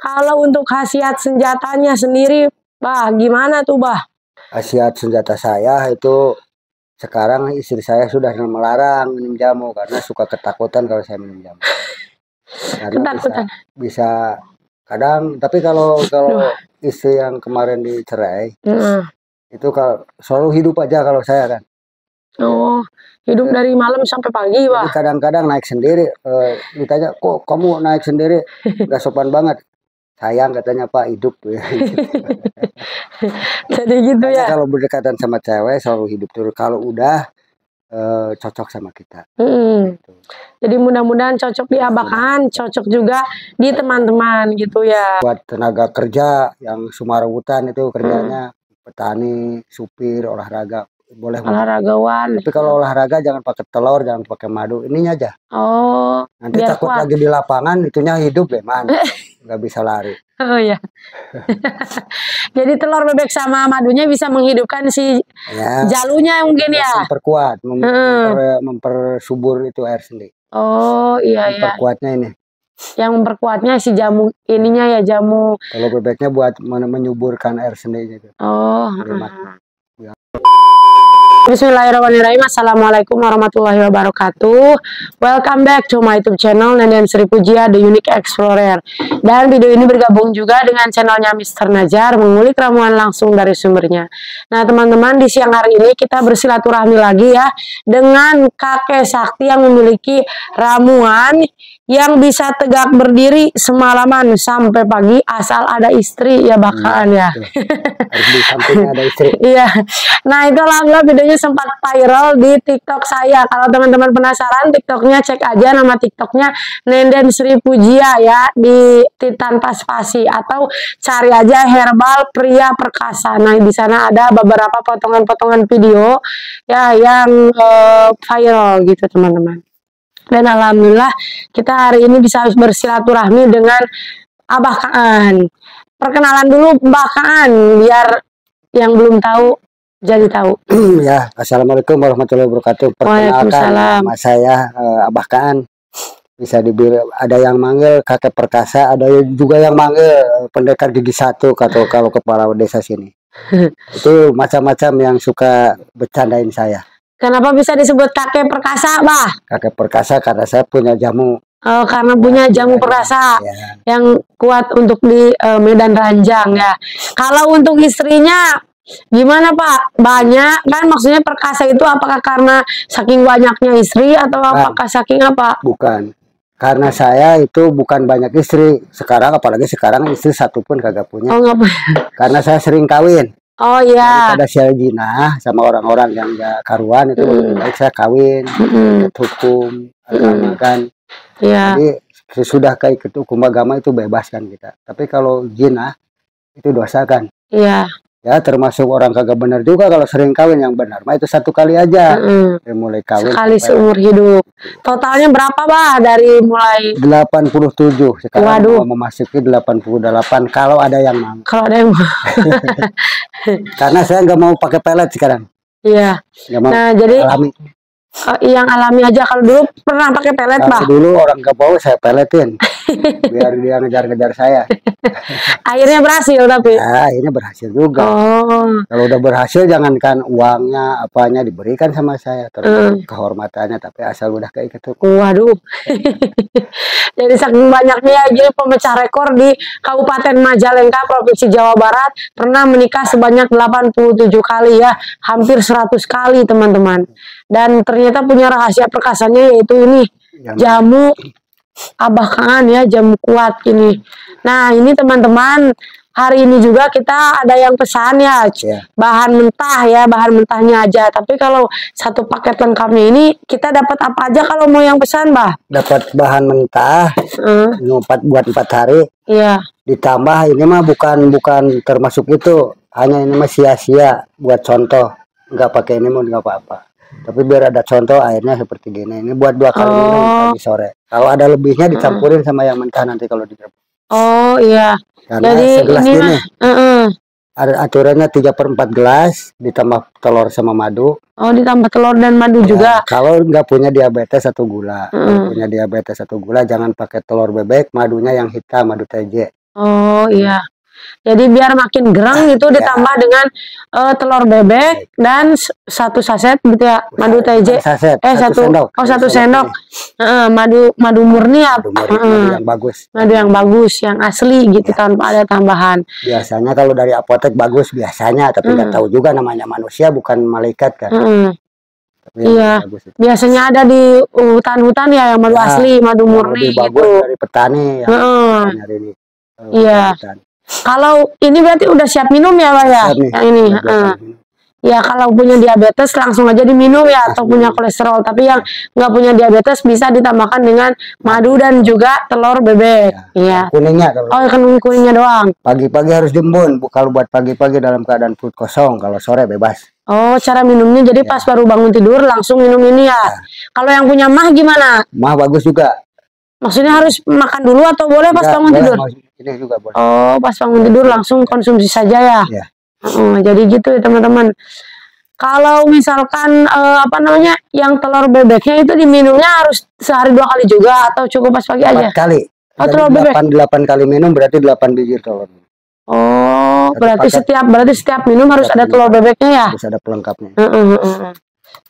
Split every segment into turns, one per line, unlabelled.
Kalau untuk khasiat senjatanya sendiri, bah gimana tuh bah?
Khasiat senjata saya itu sekarang istri saya sudah melarang minum jamu karena suka ketakutan kalau saya minum jamu. Karena ketakutan. Bisa, bisa kadang tapi kalau kalau Duh. istri yang kemarin dicerai mm. itu kalau selalu hidup aja kalau saya kan oh hidup iya. dari
malam sampai pagi wah.
kadang-kadang naik sendiri eh, ditanya kok kamu naik sendiri Gak sopan banget sayang katanya Pak hidup ya. Jadi gitu ya. kalau berdekatan sama cewek selalu hidup terus. Kalau udah e, cocok sama kita.
Hmm. Gitu. Jadi mudah-mudahan cocok di abakan, cocok juga di teman-teman gitu
ya. Buat tenaga kerja yang sumarutan itu kerjanya hmm. petani, supir, olahraga boleh olahragawan tapi kalau olahraga jangan pakai telur jangan pakai madu ininya aja oh nanti takut kuat. lagi di lapangan itunya hidup ya man nggak bisa lari.
Oh ya. Jadi telur bebek sama madunya bisa menghidupkan si ya, jalunya mungkin ya.
perkuat mem hmm. memper, mempersubur itu air sendiri. Oh iya iya. Memperkuatnya ini. Yang memperkuatnya si jamu ininya ya jamu. Kalau bebeknya buat menyuburkan air sendiri gitu. Oh. Hmm. ya.
Bismillahirrahmanirrahim Assalamualaikum warahmatullahi wabarakatuh Welcome back to my youtube channel Nenden Sri Pujia The Unique Explorer Dan video ini bergabung juga dengan channelnya Mr. Najar Mengulik ramuan langsung dari sumbernya Nah teman-teman di siang hari ini kita bersilaturahmi lagi ya Dengan kakek sakti yang memiliki ramuan yang bisa tegak berdiri semalaman sampai pagi asal ada istri ya hmm, bakalan ya.
Harus di ada istri.
Iya. nah, itu lah videonya ini sempat viral di TikTok saya. Kalau teman-teman penasaran, TikToknya cek aja nama TikToknya Nenden Sri Pujia ya di Titan Paspasi atau cari aja herbal pria perkasa. Nah di sana ada beberapa potongan-potongan video ya yang uh, viral gitu teman-teman. Dan alhamdulillah kita hari ini bisa bersilaturahmi dengan Abah Kaan. Perkenalan dulu Mbah Kaan biar yang belum tahu jadi tahu. ya,
assalamualaikum warahmatullahi wabarakatuh. Perkenalkan nama saya uh, Abah Kaan. Bisa dibilang ada yang manggil kakek perkasa, ada juga yang manggil eh, pendekar gigi satu atau kalau kepala desa sini. Itu macam-macam yang suka bercandain saya.
Kenapa bisa disebut kakek perkasa, Bah?
Kakek perkasa karena saya punya jamu.
Oh, karena punya ya, jamu ya, perasa ya. yang kuat untuk di uh, Medan Ranjang ya. Kalau untuk istrinya Gimana Pak? Banyak kan maksudnya perkasa itu apakah karena saking banyaknya istri atau bukan. Nah. apakah saking apa?
Bukan. Karena saya itu bukan banyak istri. Sekarang apalagi sekarang istri satu pun kagak punya. Oh, enggak. Karena saya sering kawin.
Oh iya. Ada
si Aljina sama orang-orang yang gak karuan itu mm. lebih hmm. baik saya kawin, mm. hukum, mm. kan. Iya. Jadi sesudah kayak ikut hukum agama itu bebas kan kita. Tapi kalau jinah itu dosa kan. Iya ya termasuk orang kagak benar juga kalau sering kawin yang benar mah itu satu kali aja mm -hmm. mulai kawin sekali seumur hidup totalnya berapa bah dari mulai 87 sekarang Waduh. mau memasuki 88 kalau ada yang mau kalau ada yang mau karena saya nggak mau pakai pelet sekarang
iya gak
mau nah jadi alami.
Uh, yang alami aja kalau dulu pernah pakai pelet bah
dulu orang nggak mau saya peletin biar dia ngejar-ngejar saya.
akhirnya berhasil
tapi. Ya, akhirnya berhasil juga. Oh. Kalau udah berhasil jangankan uangnya apanya diberikan sama saya terus mm. kehormatannya tapi asal udah kayak gitu. Waduh.
Jadi saking banyaknya aja pemecah rekor di Kabupaten Majalengka Provinsi Jawa Barat pernah menikah sebanyak 87 kali ya, hampir 100 kali teman-teman. Dan ternyata punya rahasia perkasanya yaitu ini jamu abah kangen ya jam kuat ini. Nah ini teman-teman hari ini juga kita ada yang pesan ya iya. bahan mentah ya bahan mentahnya aja tapi kalau satu paket lengkapnya ini kita dapat apa aja kalau mau yang pesan bah
dapat bahan mentah empat hmm. buat empat hari Iya. ditambah ini mah bukan bukan termasuk itu hanya ini mah sia-sia buat contoh nggak pakai ini mau nggak apa-apa tapi biar ada contoh airnya seperti gini ini buat dua kali oh. minum pagi sore kalau ada lebihnya dicampurin sama yang mentah nanti kalau digerebek
oh iya karena jadi segelas ini gini, uh
-uh. ada aturannya tiga per empat gelas ditambah telur sama madu oh ditambah telur dan madu ya, juga kalau nggak punya diabetes satu gula -uh. Nggak punya diabetes satu gula jangan pakai telur bebek madunya yang hitam madu TJ
oh iya jadi biar makin gereng itu ya. ditambah dengan uh, telur bebek dan satu saset gitu ya madu iya, TJ.
J eh satu, satu sendok. oh
satu sendok. Uh, madu madu murni ya. Madu, murni, uh, madu yang bagus. Madu yang bagus, yang asli gitu ya. tanpa ada tambahan.
Biasanya kalau dari apotek bagus biasanya tapi nggak hmm. tahu juga namanya manusia bukan malaikat kan. Hmm. Iya,
biasanya ada di hutan-hutan ya yang madu ya, asli, madu murni
lebih gitu. bagus gitu. dari petani ya uh -uh. ini.
Iya. Kalau ini berarti udah siap minum ya Pak ya? Siap, ini. uh. Ya kalau punya diabetes langsung aja diminum ya atau punya iya. kolesterol. Tapi yang nggak punya diabetes bisa ditambahkan dengan madu dan juga telur bebek. Iya
ya. Kuningnya kalau. Oh ya, kuning kuningnya doang. Pagi-pagi harus jembun. Kalau buat pagi-pagi dalam keadaan perut kosong. Kalau sore bebas.
Oh, cara minumnya jadi ya. pas baru bangun tidur langsung minum ini ya. ya. Kalau yang punya mah gimana?
Mah bagus juga.
Maksudnya harus makan dulu atau boleh pas bangun tidur? Maksud Tidur juga boleh. Oh, pas bangun tidur langsung konsumsi saja ya. Iya. Uh, jadi gitu ya teman-teman. Kalau misalkan uh, apa namanya yang telur bebeknya itu diminumnya harus
sehari dua kali juga atau cukup pas pagi aja? kali. Oh, telur bebek. 8, kali minum berarti 8 biji telur. Oh, berarti setiap berarti setiap minum harus ada telur bebeknya ya? Harus ada pelengkapnya. Uh, uh, uh, uh.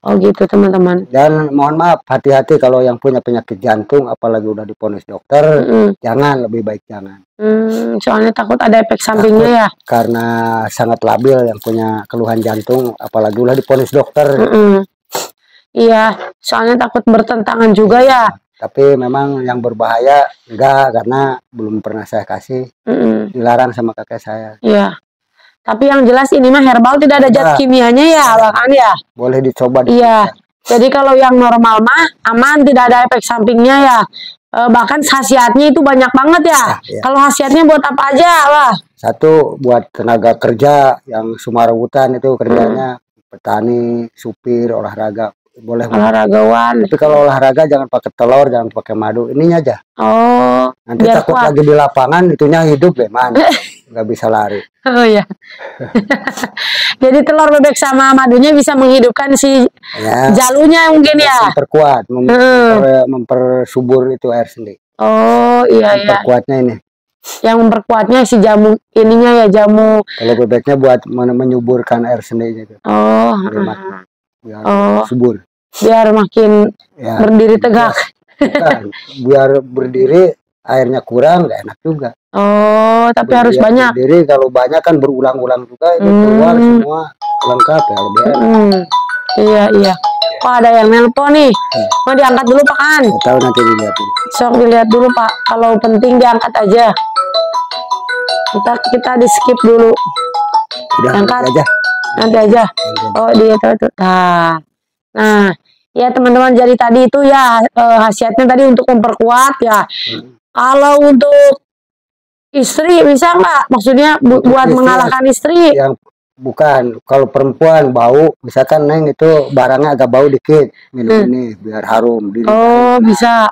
Oh gitu teman-teman. Dan mohon maaf hati-hati kalau yang punya penyakit jantung apalagi udah diponis dokter, mm -hmm. jangan lebih baik jangan. Mm, soalnya takut ada efek sampingnya ya. Karena sangat labil yang punya keluhan jantung apalagi udah diponis dokter. Mm -hmm. Iya, soalnya takut bertentangan juga ya. Tapi memang yang berbahaya enggak karena belum pernah saya kasih, mm -hmm. dilarang sama kakek saya.
Iya. Tapi yang jelas ini mah herbal tidak ada zat nah. kimianya ya, kan ya.
Boleh dicoba. Iya.
Jadi kalau yang normal mah aman, tidak ada efek sampingnya ya. E, bahkan khasiatnya itu banyak banget ya. Nah, iya. Kalau khasiatnya buat apa aja lah?
Satu buat tenaga kerja yang sumarutan itu kerjanya hmm. petani, supir, olahraga boleh olahragawan. Tapi kalau olahraga jangan pakai telur, jangan pakai madu, ininya aja. Oh. Nanti takut kuat. lagi di lapangan itunya hidup deh, man. nggak bisa lari.
Oh ya. Jadi telur bebek sama madunya bisa menghidupkan si ya, jalunya mungkin ya.
Memperkuat, mem hmm. memper, mempersubur itu air sendiri. Oh iya memperkuatnya iya. Memperkuatnya ini. Yang memperkuatnya si jamu ininya ya jamu. Telur bebeknya buat men menyuburkan air sendiri gitu. Oh. Biar, hmm. biar oh. subur. Biar makin ya, berdiri tegak. Biar, biar berdiri airnya kurang nggak enak juga. Oh, tapi harus banyak. Jadi kalau banyak kan berulang-ulang juga itu hmm. keluar semua lengkap ya lebih Hmm.
Iya iya. Pak ada yang nelpon nih? Hmm. Mau diangkat dulu Pak An?
Nggak tahu nanti dilihatin.
Sok dilihat dulu Pak. Kalau penting diangkat aja. Kita kita di skip dulu.
Udah, angkat nanti aja.
Nanti aja. Oh dia tahu tuh. Nah, nah ya teman-teman jadi tadi itu ya eh, khasiatnya tadi untuk memperkuat ya. Hmm. Kalau untuk istri bisa nggak maksudnya bu buat mengalahkan istri
yang bukan kalau perempuan bau misalkan neng itu barangnya agak bau dikit minum hmm. ini biar harum oh nah, bisa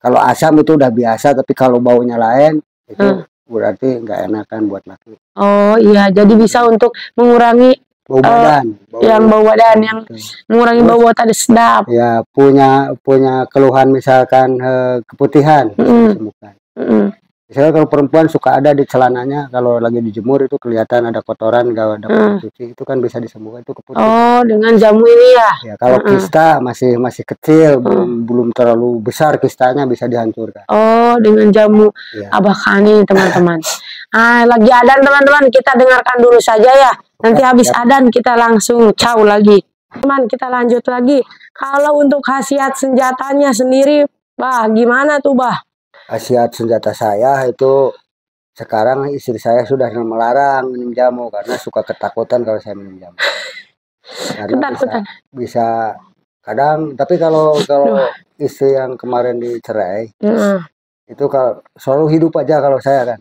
kalau asam itu udah biasa tapi kalau baunya lain itu hmm. berarti nggak enakan buat laki
oh iya jadi bisa untuk mengurangi bau eh, badan uh,
bau yang bau badan yang itu. mengurangi bau bau tadi sedap ya punya punya keluhan misalkan uh, keputihan hmm. Bukan. hmm misalnya kalau perempuan suka ada di celananya kalau lagi dijemur itu kelihatan ada kotoran gak ada hmm. cuci itu kan bisa disembuhkan itu keputus. Oh, dengan jamu ini ya. Ya, kalau uh kista masih masih kecil, hmm. belum belum terlalu besar kistanya bisa dihancurkan.
Oh, dengan jamu ya. Abah kani teman-teman. ah, lagi adan teman-teman, kita dengarkan dulu saja ya. Nanti ya, habis ya. adan kita langsung caw lagi. Teman, kita lanjut lagi. Kalau untuk khasiat senjatanya sendiri, Bah, gimana tuh, Bah?
Asiat senjata saya itu sekarang istri saya sudah melarang minum jamu karena suka ketakutan kalau saya minum jamu. Karena ketakutan. bisa, bisa kadang tapi kalau kalau Duh. istri yang kemarin dicerai mm. itu kalau selalu hidup aja kalau saya kan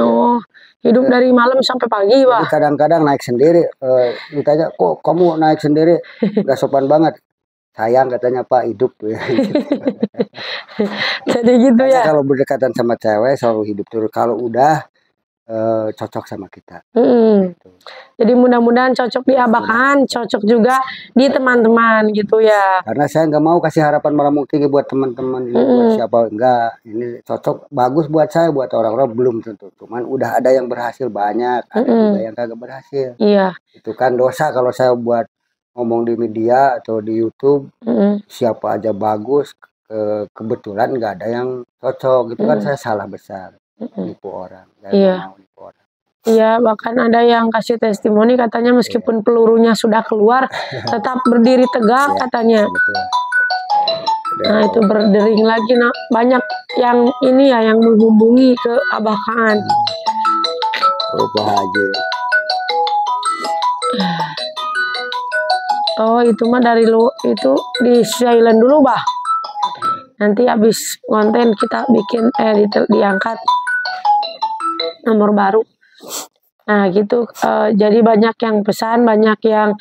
oh hidup dari
malam sampai pagi pak
kadang-kadang naik sendiri uh, ditanya kok kamu naik sendiri gak sopan banget sayang katanya pak hidup jadi gitu ya kalau berdekatan sama cewek selalu hidup terus kalau udah e, cocok sama kita
hmm. Gitu. jadi mudah-mudahan cocok di abakan cocok juga di teman-teman gitu ya
karena saya nggak mau kasih harapan meramu tinggi buat teman-teman hmm. buat siapa enggak ini cocok bagus buat saya buat orang-orang belum tentu cuman udah ada yang berhasil banyak ada hmm. juga yang kagak berhasil iya itu kan dosa kalau saya buat ngomong di media atau di YouTube mm. siapa aja bagus ke kebetulan nggak ada yang cocok gitu mm. kan saya salah besar mm. nipu orang iya yeah. iya
yeah, bahkan ada yang kasih testimoni katanya meskipun yeah. pelurunya sudah keluar tetap berdiri tegak yeah, katanya. Iya, betul. Nah itu berdering lagi nak banyak yang ini ya yang menghubungi ke Abah Kaan.
Oh, hmm. bahagia.
Oh itu mah dari lu itu di Thailand dulu bah. Nanti habis konten kita bikin eh di, diangkat nomor baru. Nah gitu eh, jadi banyak yang pesan banyak yang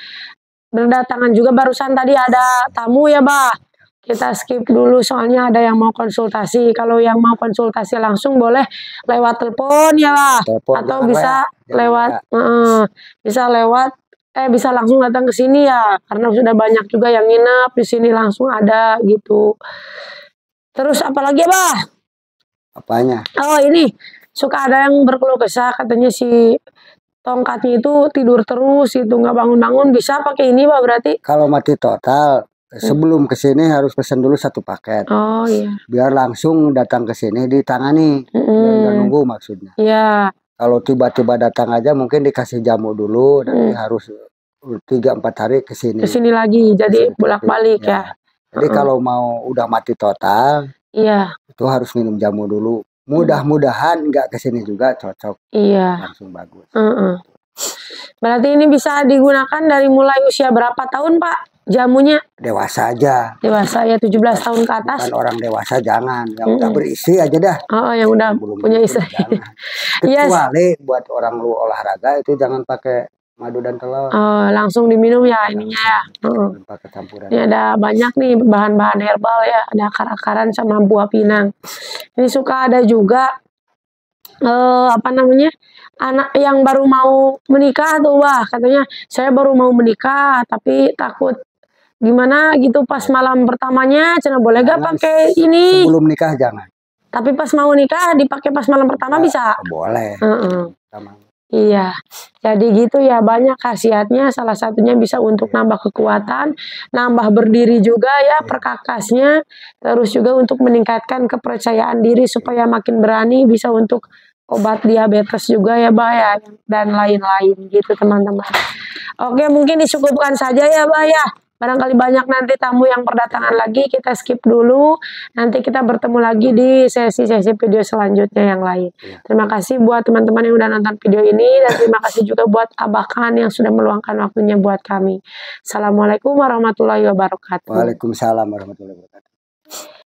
berdatangan juga barusan tadi ada tamu ya bah. Kita skip dulu soalnya ada yang mau konsultasi. Kalau yang mau konsultasi langsung boleh lewat telepon ya bah. Telepon atau ya. bisa lewat ya. uh, bisa lewat eh bisa langsung datang ke sini ya karena sudah banyak juga yang nginap di sini langsung ada gitu terus apalagi apa apa apanya oh ini suka ada yang berkeluh kesah katanya si tongkatnya itu tidur terus itu nggak bangun-bangun bisa
pakai ini pak berarti kalau mati total hmm. sebelum ke sini harus pesan dulu satu paket. Oh iya. Biar langsung datang ke sini ditangani. Mm. dan nunggu maksudnya. Iya. Yeah. Kalau tiba-tiba datang aja mungkin dikasih jamu dulu nanti hmm. harus tiga empat hari ke sini. Ke sini
lagi, jadi bolak-balik ya. ya.
Jadi uh -uh. kalau mau udah mati total, iya. Itu harus minum jamu dulu. Mudah-mudahan nggak ke sini juga cocok. Iya. Langsung
bagus. Uh -uh. Berarti ini bisa digunakan dari mulai usia berapa tahun, Pak? Jamunya?
Dewasa aja.
Dewasa ya 17 tahun ke atas. Bukan orang dewasa jangan, yang -hmm. udah berisi aja dah. Oh, yang, udah belum punya istri.
Iya. Kecuali yes. buat orang lu olahraga itu jangan pakai madu dan telur. Uh, langsung
diminum ya ini ya. Uh.
Ini ada banyak
nih bahan-bahan herbal ya, ada akar-akaran sama buah pinang. Ini suka ada juga uh, apa namanya? anak yang baru mau menikah tuh wah katanya saya baru mau menikah tapi takut gimana gitu pas malam pertamanya cina boleh gak pakai ini sebelum
nikah jangan
tapi pas mau nikah dipakai pas malam pertama nah, bisa
boleh uh -uh.
Iya, jadi gitu ya banyak khasiatnya salah satunya bisa untuk nambah kekuatan, nambah berdiri juga ya perkakasnya, terus juga untuk meningkatkan kepercayaan diri supaya makin berani bisa untuk obat diabetes juga ya Baya dan lain-lain gitu teman-teman. Oke mungkin disukupkan saja ya Baya. Barangkali banyak nanti tamu yang berdatangan lagi, kita skip dulu. Nanti kita bertemu lagi di sesi-sesi video selanjutnya yang lain. Ya. Terima kasih buat teman-teman yang udah nonton video ini dan terima kasih juga buat Abah Khan yang sudah meluangkan waktunya buat kami. Assalamualaikum warahmatullahi wabarakatuh.
Waalaikumsalam warahmatullahi wabarakatuh.